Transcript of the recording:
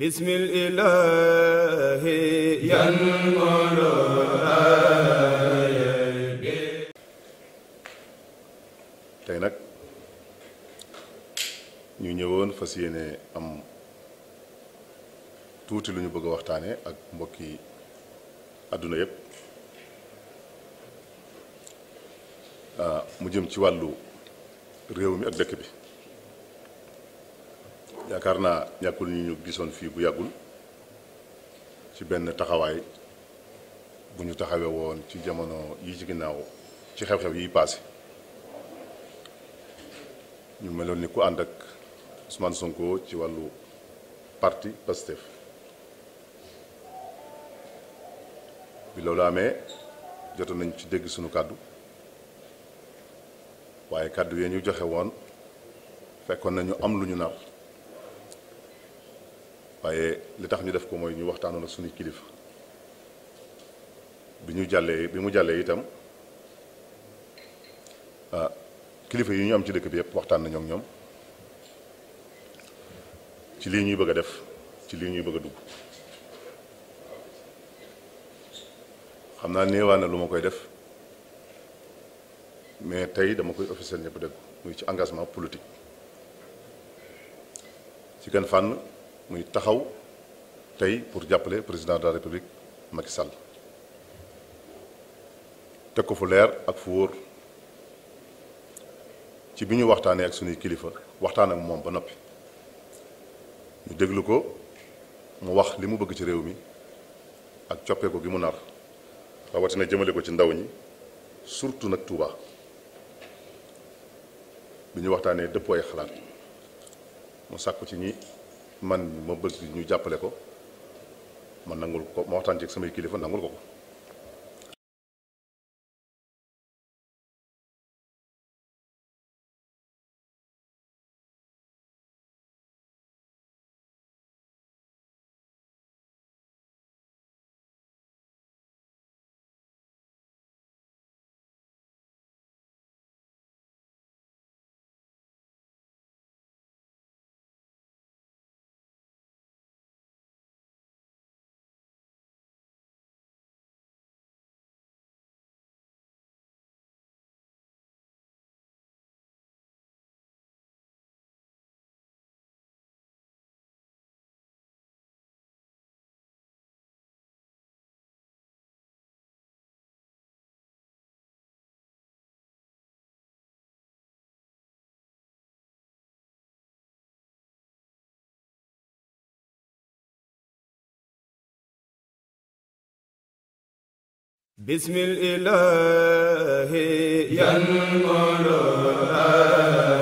بسم الإله ينقل tey nag ñu ñëwoon fas yéene am tuuti lu ñu bëgg a waxtaane ak mbokki àdduna yépp mu jëm ci wàllu réew mi ak dëkk bi yaakaar naa ñàkkul ñu ñu gisoon fii bu yàggul ci benn taxawaay bu ñu taxawee woon ci jamono yi ci ginnaaw ci xew-xew yi paase ñu meloon ni ku ànd ak Ousmane Sonko ci wàllu parti Pastef bi loolu amee jot nañ ci dégg sunu kàddu waaye kàddu yee ñu joxe woon fekkoon nañu am lu ñu nar waaye li tax ñu def ko mooy ñu waxtaanoon ak suñu kilifa bi ñu jàllee bi mu jàllee itam ah, kilifa yi ñu am ci dëkk bi yëpp waxtaan nañu ak ñoom ci lii ñuy bëgg a def ci lii ñuy bëgg a dugg xam naa néewaa lu ma koy def mais tey dama koy officiel ñëpp dégg muy ci engagement politique ci kenn fànn. muy taxaw tey pour jàppale président de la république Macky Sall teg ko fu leer ak fu wóor ci bi ñu waxtaanee ak suñuy kilifa waxtaan ak moom ba noppi ñu déglu ko mu wax li mu bëgg ci réew mi ak coppeeku gi mu nar rawatina jëmale ko ci ndaw ñi surtout nag Touba bi ñu waxtaanee dëppoo xalaat mu sàkku ci ñi. man ma bëgg ñu jàppale ko ma nangul ko ma waxtaan ci samay kilifa nangul ko ko بسم الإله ينقل